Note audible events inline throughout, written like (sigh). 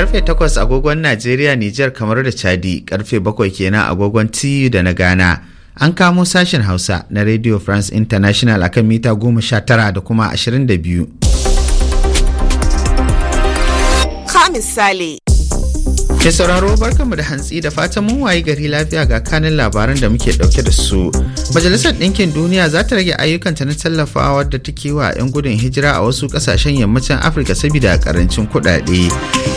karfe 8 agogon Najeriya Nijar kamar da Chadi karfe 7 kenan agogon TU da na Ghana. An kamo sashen Hausa na Radio France International akan mita 19 da kuma 22. Ka misali. Mai sauraro barkanmu da hantsi da fatan mun wayi gari lafiya ga kanin labaran da muke dauke da su. Majalisar Ɗinkin Duniya za ta rage ayyukanta na tallafawa da take wa 'yan gudun hijira a wasu kasashen yammacin Afirka saboda karancin kuɗaɗe.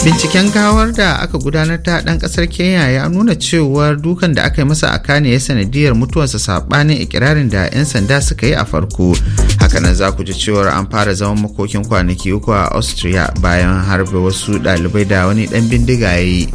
Binciken gawar da aka gudanar ta ɗan ƙasar Kenya ya nuna cewar dukan da aka yi masa a kane ya sanadiyar mutuwarsa saɓanin ikirarin da 'yan sanda suka yi a farko. hakanan za ku ji cewar an fara zaman makokin kwanaki uku a austria bayan harbe wasu dalibai da wani dan bindiga ya yi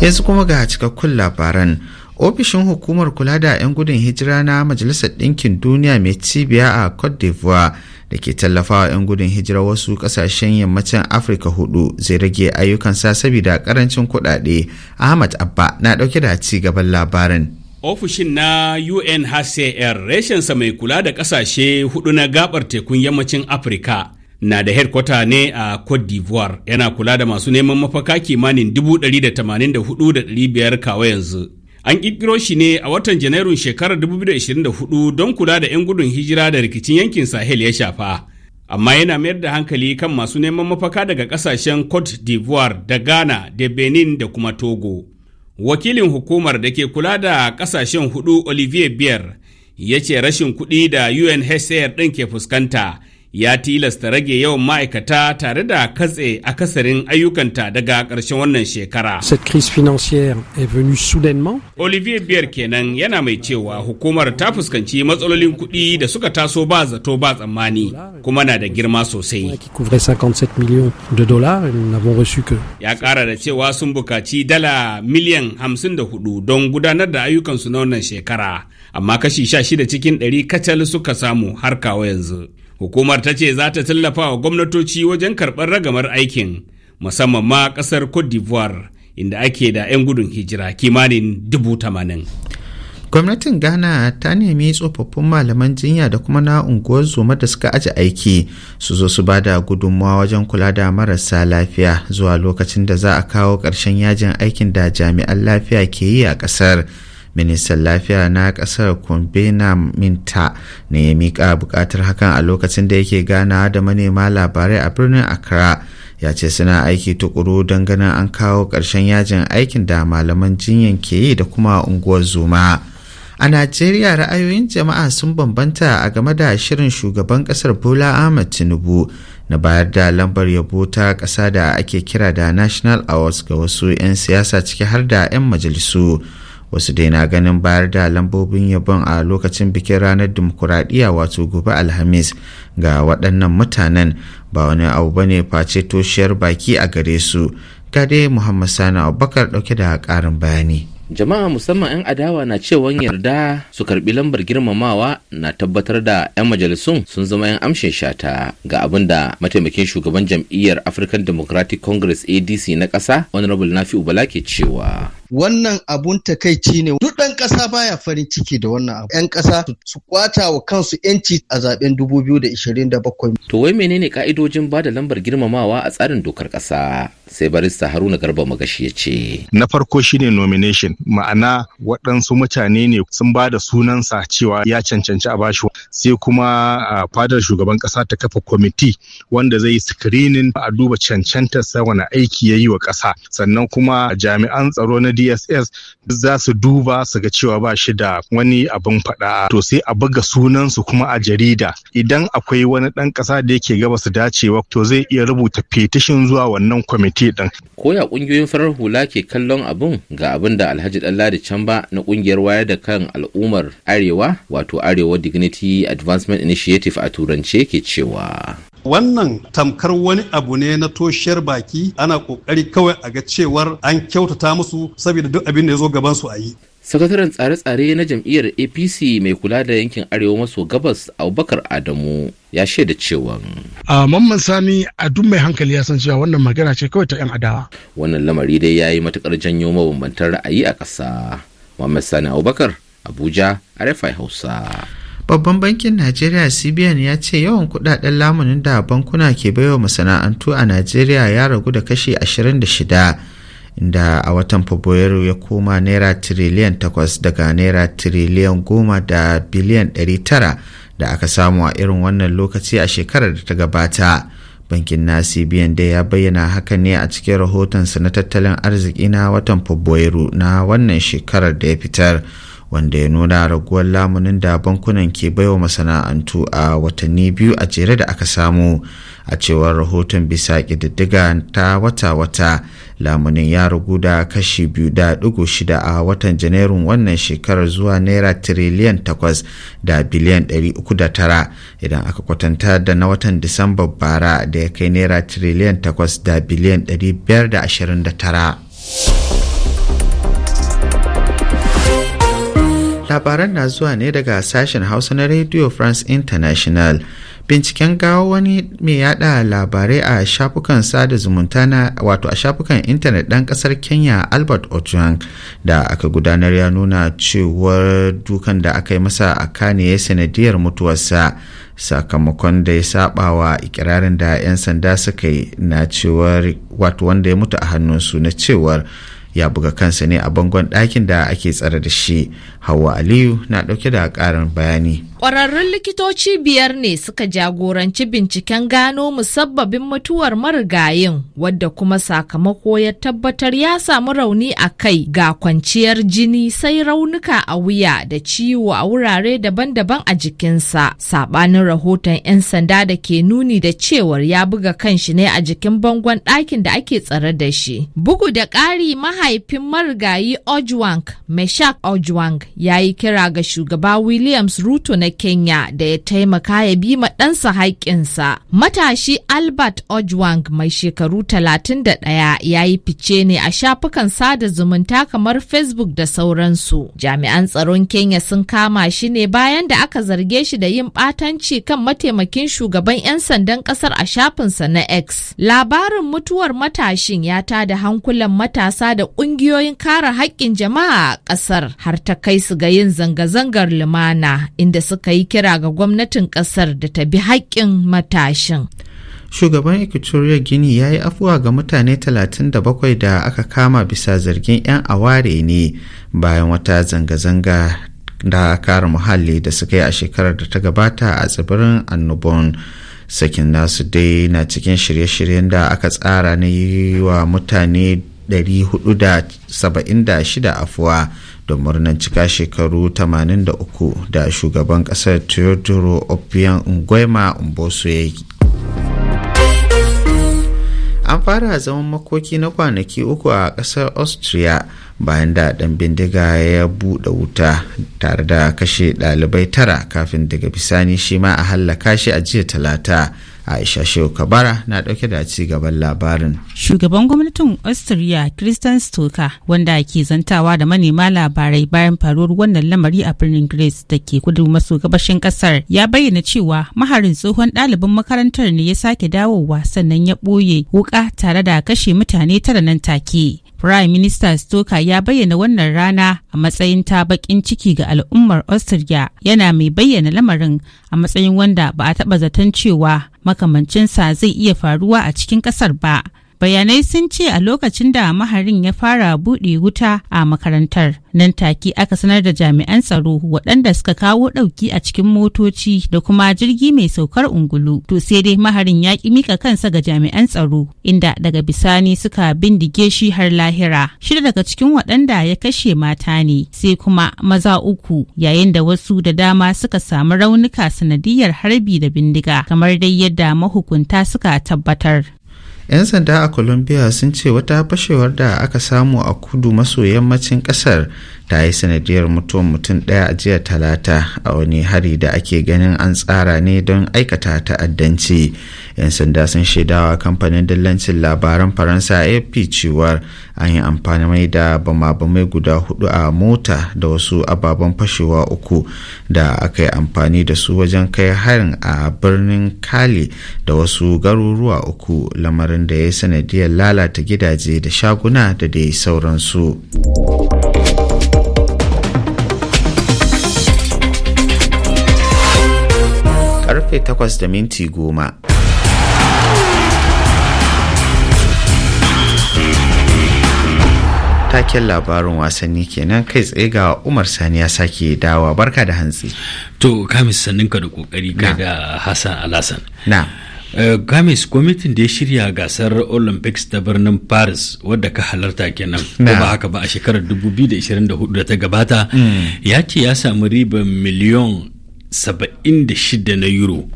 yanzu kuma ga cikakkun labaran ofishin hukumar kula da 'yan gudun hijira na majalisar ɗinkin duniya mai cibiya a cote d'ivoire da ke tallafawa 'yan gudun hijira wasu kasashen yammacin afirka hudu zai rage ayyukan sa saboda ƙarancin kuɗaɗe ahmad abba na ɗauke da ci gaban labarin Ofishin na UNHCR reshensa mai kula da ƙasashe hudu na gabar tekun yammacin Afirka na da headquarter ne a Cote d'Ivoire yana kula da masu neman mafaka kimanin 184,500 kawo yanzu. An ƙirƙiro shi ne a watan Janairun shekarar 2024 don kula da 'yan gudun hijira da rikicin yankin Sahel ya shafa. Amma yana mayar da hankali kan masu neman mafaka daga ƙasashen Cote d'Ivoire da Ghana da Benin da kuma Togo. wakilin hukumar da ke kula da kasashen hudu olivier biyar ya ce rashin kuɗi da unhcr ɗin ke fuskanta ya tilasta rage yawan ma'aikata tare da katse akasarin ayyukanta daga ƙarshen wannan shekara. Cette crise financière est venue soudainement. Olivier Bier kenan yana mai cewa hukumar ta fuskanci matsalolin kuɗi da suka taso ba zato ba tsammani kuma na da girma sosai. Ya ƙara da cewa sun bukaci dala miliyan hamsin da hudu don gudanar da ayyukansu na wannan shekara, amma kashi sha shida cikin ɗari kacal suka samu har kawo yanzu. Hukumar ta ce za ta tallafa wa gwamnatoci wajen karɓar ragamar aikin, musamman ma ƙasar Cote d'Ivoire inda ake da 'yan gudun hijira kimanin dubu gwamnatin ghana ta nemi tsofaffin malaman jinya da kuma na unguwar zoma da suka aji aiki su zo su bada gudunmawa wajen kula da marasa lafiya zuwa lokacin da za a kawo ƙarshen yajin aikin da jami'an lafiya ke yi a ƙasar. ministan lafiya na kasar kumbena minta ne ya mika bukatar hakan a lokacin da yake gana da manema labarai a birnin accra ya ce suna aiki tukuru don ganin an kawo ƙarshen yajin aikin da malaman jinyan ke yi da kuma unguwar zuma a najeriya ra'ayoyin jama'a sun bambanta a game da shirin shugaban ƙasar bola ahmed tinubu na bayar da lambar yabo ta ƙasa da ake kira da national awards ga wasu 'yan siyasa ciki har da 'yan majalisu wasu dai na ganin bayar da lambobin yabon a lokacin bikin ranar dimokuraɗiyya wato gobe alhamis ga waɗannan mutanen ba wani abu ba ne face toshiyar baki a gare su gade muhammad sani abubakar ɗauke da ƙarin bayani jama'a musamman 'yan adawa na cewa yarda su karbi lambar girmamawa na tabbatar da 'yan majalisun sun zama 'yan amshin shata ga abin da mataimakin shugaban jam'iyyar african democratic congress adc na ƙasa honorable nafi ubala ke cewa wannan abun takaici ne duk ɗan ƙasa baya farin ciki da wannan abu Ƴan ƙasa su kwata wa kansu yanci a zaben 2027 to wai menene ka'idojin ba da lambar girmamawa a tsarin dokar ƙasa sai barista haruna garba magashi ya ce na farko shine nomination ma'ana waɗansu mutane ne sun ba da sunansa cewa ya cancanci a bashi sai kuma a fadar shugaban ƙasa ta kafa kwamiti wanda zai yi screening a duba cancantar sa wani aiki yayi wa ƙasa sannan kuma jami'an tsaro na dss za su duba su ga cewa ba shi da wani abin faɗa to sai a buga sunansu kuma a jarida idan akwai wani ɗan ƙasa da yake gaba su dacewa to zai iya rubuta fetishin zuwa wannan kwamiti ɗin. koya ƙungiyoyin farar hula ke kallon abun ga abin da alhaji ɗanladi camba na ƙungiyar wayar da kan al'ummar arewa wato arewa dignity advancement initiative a turance ke cewa. wannan tamkar wani abu ne na toshiyar baki ana kokari kawai a ga cewar an kyautata musu saboda duk abin da ya zo gaban su a yi sakataren tsare-tsare na jam'iyyar apc mai kula da yankin arewa maso gabas abubakar adamu ya shaida cewa a mamman sani a duk mai hankali ya san cewa wannan magana ce kawai ta 'yan adawa wannan lamari dai ya yi matukar janyo mabambantan ra'ayi a ƙasa mamman sani abubakar abuja arefai hausa Babban bankin Najeriya CBN ya ce yawan kudaden lamunin da bankuna ke baiwa masana'antu a Najeriya ya ragu da kashi 26 inda a watan Fabrairu ya koma naira tiriliyan 8 daga naira tiriliyan 10 da biliyan 900 da aka samu a irin wannan lokaci a shekarar da ta gabata. Bankin na CBN dai ya bayyana haka ne a cikin rahotonsa na tattalin arziki na watan Fabrairu na wannan shekarar da ya fitar. wanda ya nuna raguwar lamunin da bankunan ke baiwa masana'antu a watanni biyu a jere da aka samu a cewar rahoton bisa ƙididdiga ta wata-wata lamunin ya ragu da kashi biyu da ɗigo shida a watan janairun wannan shekarar zuwa naira tiriliyan takwas da biliyan ɗari uku da tara idan aka kwatanta da na watan disambar bara da ya kai naira tiriliyan takwas da biliyan ɗari biyar da ashirin da tara. labaran na zuwa ne daga sashen hausa na radio france international binciken gawo wani mai yada labarai a shafukan sada zumunta na wato a shafukan intanet dan kasar kenya albert ojwang da aka gudanar ya nuna cewar dukan da aka yi masa a kane ya sanadiyar mutuwarsa sakamakon da ya saba wa ikirarin da 'yan sanda suka yi na cewar wato wanda ya mutu a hannunsu na cewar ya buga kansa ne a bangon ɗakin da ake tsare da shi hawa aliyu na ɗauke da ƙarin bayani ƙwararrun likitoci biyar ne suka jagoranci binciken gano musabbabin mutuwar marigayin wadda kuma sakamako ya tabbatar ya samu rauni a kai ga kwanciyar jini sai raunuka a wuya da ciwo a wurare daban-daban a jikinsa saɓanin rahoton 'yan sanda da ke nuni da cewar ya buga kanshi ne a jikin bangon ɗakin da ake tsare da shi bugu da ƙari maha mahaifin marigayi Ojwang, Meshak Ojwang, ya yi kira ga shugaba Williams Ruto na Kenya da ya taimaka ya bi ma ɗansa haƙƙinsa. Matashi Albert Ojwang mai shekaru 31 ya yi fice ne a shafukan sada zumunta kamar Facebook da sauransu. Jami'an tsaron Kenya sun kama shi ne bayan da aka zarge shi da yin ɓatanci kan mataimakin shugaban 'yan sandan ƙasar a shafinsa na X. Labarin mutuwar matashin ya tada hankulan matasa da ƙungiyoyin kare haƙƙin jama'a a ƙasar har ta kai su ga yin zanga-zangar lumana inda suka yi kira ga gwamnatin ƙasar da ta bi haƙƙin matashin. shugaban equatorial gini ya yi afuwa ga mutane 37 da aka kama bisa zargin 'yan aware ne bayan wata zanga-zanga da kare muhalli da suka yi a shekarar da ta gabata a tsibirin annobon sakin nasu dai na cikin shirye-shiryen da aka tsara na yi wa mutane 476 afuwa don murnan cika shekaru 83 da shugaban kasar teodoro obiang nguema mboso ya yi an fara zaman makoki na kwanaki uku a kasar austria bayan da dan bindiga ya buɗe wuta tare da kashe ɗalibai tara kafin daga bisani shi ma a hallaka shi a jiya talata aisha shehu kabara na dauke da ci gaban labarin shugaban gwamnatin austria christian stoka wanda ke zantawa da manema labarai bayan faruwar wannan lamari a birnin greece da ke kudu maso gabashin kasar ya bayyana cewa maharin tsohon ɗalibin makarantar ne ya sake dawowa sannan ya ɓoye wuka tare da kashe mutane tara nan take Prime Minister Stoker ya bayyana wannan rana a matsayin ta bakin ciki ga al'ummar Austria yana mai bayyana lamarin a matsayin wanda ba a taɓa zaton cewa makamancinsa zai iya faruwa a cikin ƙasar ba. bayanai sun ce a lokacin da maharin ya fara buɗe wuta a makarantar nan take aka sanar da jami'an tsaro waɗanda suka kawo ɗauki a cikin motoci da kuma jirgi mai saukar ungulu to sai dai maharin ya ƙi mika kansa ga jami'an tsaro inda daga bisani suka bindige shi har lahira shida daga cikin waɗanda ya kashe mata ne sai kuma maza uku yayin da wasu da dama suka samu raunuka sanadiyar harbi da bindiga kamar dai yadda mahukunta suka tabbatar 'yan sanda a colombia sun ce wata fashewar da aka samu a kudu maso yammacin kasar ta yi sanadiyar mutuwar mutum ɗaya a jiya talata a wani hari da ake ganin an tsara ne don aikata ta'addanci yan sanda sun shaidawa kamfanin dillancin labaran faransa afp cewar an yi amfani mai da bama-bamai guda hudu a mota da wasu ababen fashewa uku da aka yi amfani da su wajen kai harin a birnin kali da wasu garuruwa uku lamarin da ya yi sanadiyar lalata gidaje da shaguna da dai sauransu. karfe takwas da minti goma taken labarin wasanni kenan kai tsaye ga umar sani ya sake dawa barka da hantsi to kamis sanninka da kokari kai da hassan alasan na Gamis eh, gwamnatin da ya shirya gasar Olympics ta birnin Paris wadda ka halarta kenan ko ba haka ba a shekarar 2024 da ta gabata mm. ya ce ya samu ribar miliyon 76 na euro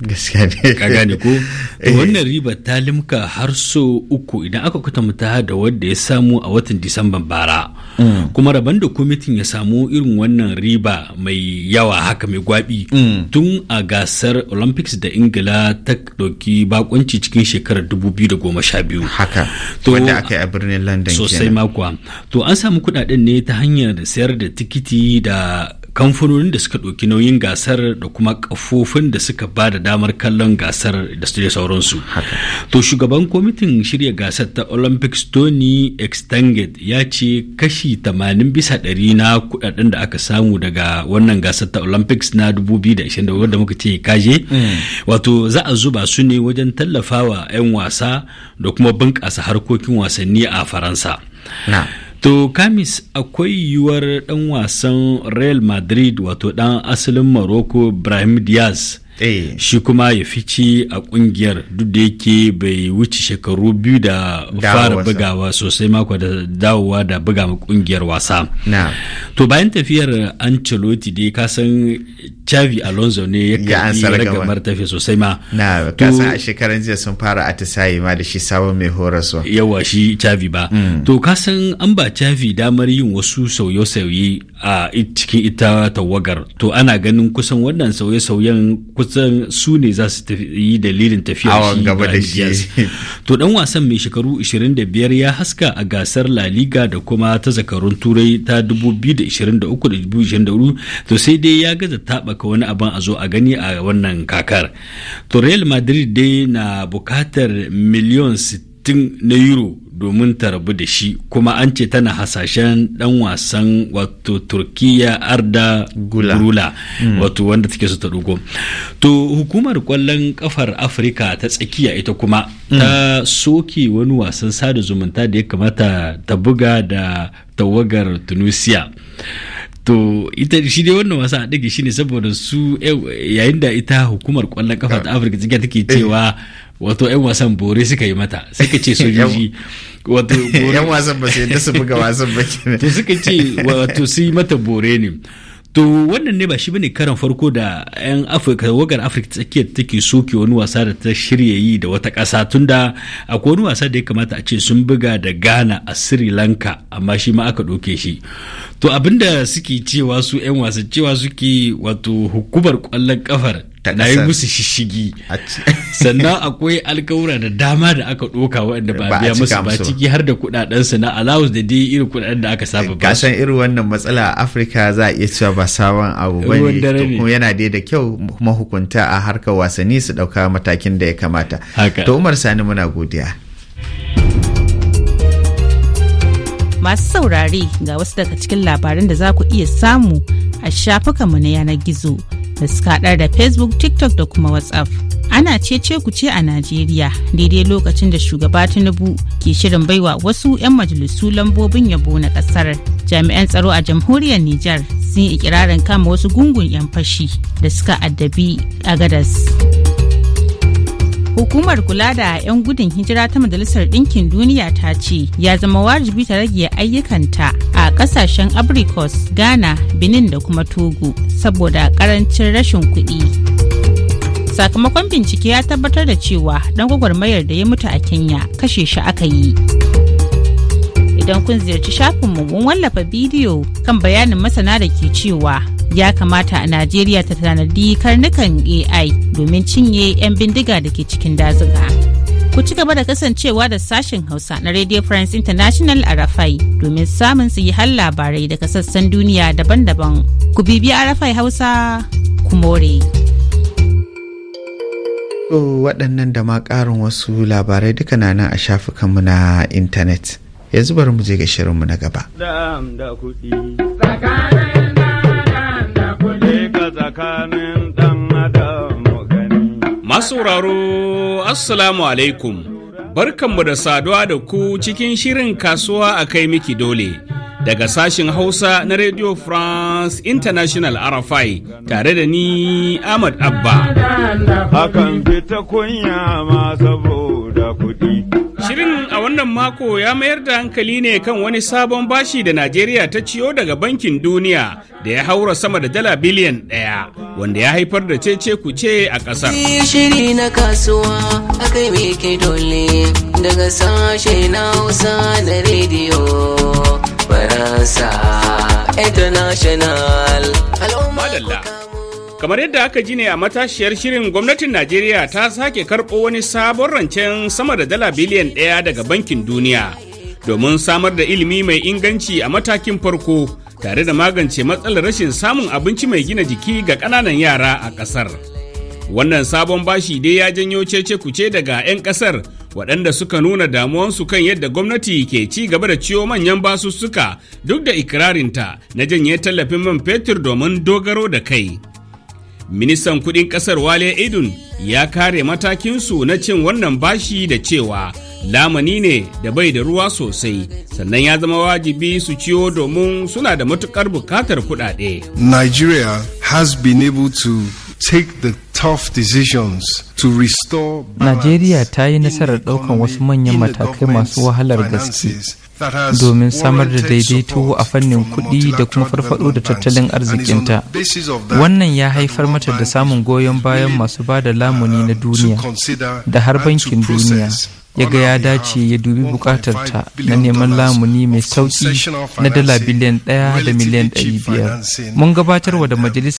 gaskiya ne ka gane ko to eh. wannan riba ta limka har so uku idan aka kwatanta da wanda ya samu a watan disamba bara mm. kuma rabon da kwamitin ya samu irin wannan riba mai yawa haka mai gwabi mm. tun a gasar olympics da ingila ta ɗauki bakunci cikin shekarar 2012 haka to wanda aka yi a birnin london sosai makwa to an samu kudaden ne ta hanyar sayar da tikiti da kamfanonin da suka ɗauki nauyin gasar da kuma kafofin da suka ba da damar kallon gasar da su sauransu to shugaban kwamitin shirya gasar ta olympics tony extended ya ce kashi 80 bisa ɗari na kudaden da aka samu daga wannan gasar ta olympics na 2020 wadda muka ce kaje mm. wato za a zuba su ne wajen tallafawa 'yan wasa da kuma bunƙasa harkokin wasanni a faransa To Kamis akwai yiwuwar ɗan wasan Real Madrid wato ɗan asalin Morocco Brahim Diaz Eh. shi kuma ya fice a kungiyar duk da yake bai wuce shekaru biyu da fara bugawa sosai mako da dawowa da buga ma kungiyar wasa to bayan tafiyar ancelotti dai ka san Xavi Alonso ne ya karbi tafiya sosai ma na ka san a shekaran jiya sun fara atisayi ma da shi sabon mai horaso yawa shi Xavi ba mm. to ka san an ba Xavi damar yin wasu sauye-sauye a cikin ita tawagar to ana ganin kusan wannan sauye-sauyen kusan su ne za su yi dalilin tafiya shi gaba da shi (laughs) to dan wasan mai shekaru 25 ya haska a gasar La Liga da kuma ta zakarun turai ta 2023-2024 to sai dai ya gaza taɓaka wani abin a zo a gani a wannan kakar to Real Madrid dai na bukatar miliyan 60 na euro domin ta rabu da shi kuma an ce tana hasashen dan wasan wato turkiya arda gula mm. wato wanda take su ta dogo to hukumar kwallon kafar afirka ta tsakiya ita kuma mm. ta soke wani wasan sada zumunta da ya kamata ta buga da tawagar tunisia to ita shi dai wannan wasa a shi ne saboda su eh, yayin da ita hukumar kwallon kafar ta ah. afirka take cewa eh. wato 'yan wasan bore suka yi mata suka ce (laughs) sojoji wato yan wasan ba sai da su buga (laughs) wasan ba to suka ce wato su yi mata bore ne to wannan ne ba shi bane karan farko da yan afirka wagar afirka tsakiyar take soke wani wasa da ta shirya yi da wata ƙasa tunda akwai wani wasa da ya kamata a ce sun buga da ghana a sri lanka amma shi ma aka ɗauke shi to abinda suke cewa su yan wasan cewa suke wato hukumar kwallon kafar ta a yi musu shishigi sannan akwai alkawura da dama da aka ɗoka waɗanda ba biya musu ba ciki har da kuɗaɗensu na allowance da dai irin kuɗaɗen da aka saba ba kasan irin wannan matsala a afirka za a iya cewa ba sabon abu ba ne kuma yana dai da kyau mahukunta a harkar wasanni su ɗauka matakin da ya kamata to umar sani muna godiya masu saurare ga wasu daga cikin labaran da za ku iya samu a shafukanmu na yanar gizo da suka da facebook tiktok da kuma whatsapp ana ce ce ku ce a najeriya daidai lokacin da shugaba tinubu ke shirin baiwa wasu 'yan majalisu lambobin yabo na kasar jami'an tsaro a jamhuriyar nijar sun yi ikirarin kama wasu gungun 'yan fashi da suka addabi a gadas. Hukumar kula da 'yan gudun hijira ta Majalisar Ɗinkin Duniya ta ce ya zama wajibi ta rage ayyukanta a ƙasashen Abrikos, Ghana, Benin da kuma Togo saboda ƙarancin rashin kuɗi. Sakamakon bincike ya tabbatar da cewa ɗan gwagwarmayar da ya mutu a Kenya kashe shi aka yi. Idan kun ziyarci shafinmu mun wallafa bidiyo kan bayanin masana da ke cewa ya kamata a najeriya ta tanadi karnukan ai domin cinye 'yan bindiga da ke cikin dazuka ku ci gaba da kasancewa da sashen hausa na radio france international a rafai domin samun su yi har labarai daga sassan duniya daban-daban ku bibi a rafai hausa ku more waɗannan da ma ƙarin wasu labarai duka na nan a shafukanmu na intanet yanzu bari mu je ga shirinmu na gaba. tsakanin dan adam Masauraro, Assalamu alaikum, barkanmu da saduwa da ku cikin shirin kasuwa a kai miki dole. Daga sashin Hausa na Radio France International RFI tare da ni Ahmad Abba. Akan fita kunya ma saboda kuɗi. Shirin a wannan mako ya mayar da hankali ne kan wani sabon bashi da Najeriya ta ciyo daga bankin duniya da ya haura sama da dala biliyan ɗaya wanda ya haifar da cece kuce a ƙasar. Shiri na kasuwa akai me ke daga sashe na Hausa da rediyo Faransa International. kamar yadda aka ji ne a matashiyar shirin gwamnatin najeriya ta sake karɓo wani sabon rancen sama da dala biliyan ɗaya daga bankin duniya domin samar da ilimi mai inganci a matakin farko tare da magance matsalar rashin samun abinci mai gina jiki ga ƙananan yara a ƙasar wannan sabon bashi dai ya janyo cece kuce daga 'yan ƙasar waɗanda suka nuna damuwansu kan yadda gwamnati ke ci gaba da ciwo manyan basussuka duk da ikirarinta na janye tallafin man fetur domin dogaro da kai ministan kudin kasar wale idun ya kare matakinsu na cin wannan bashi da cewa lamani ne da bai da ruwa sosai sannan ya zama wajibi su ciyo domin suna da matukar bukatar kudade. Nigeria has been able to take the tough decisions to restore Najeriya ta yi nasarar ɗaukar wasu manyan matakai masu wahalar gaske domin samar da daidaito a fannin kuɗi da kuma farfado da tattalin arzikinta wannan ya haifar mata da samun goyon bayan masu ba da lamuni na uh, duniya da har bankin duniya ya ga ya dace ya dubi bukatarta na neman lamuni mai sauki na dala biliyan ɗaya da miliyan ɗari mun gabatarwa da uh, majalisar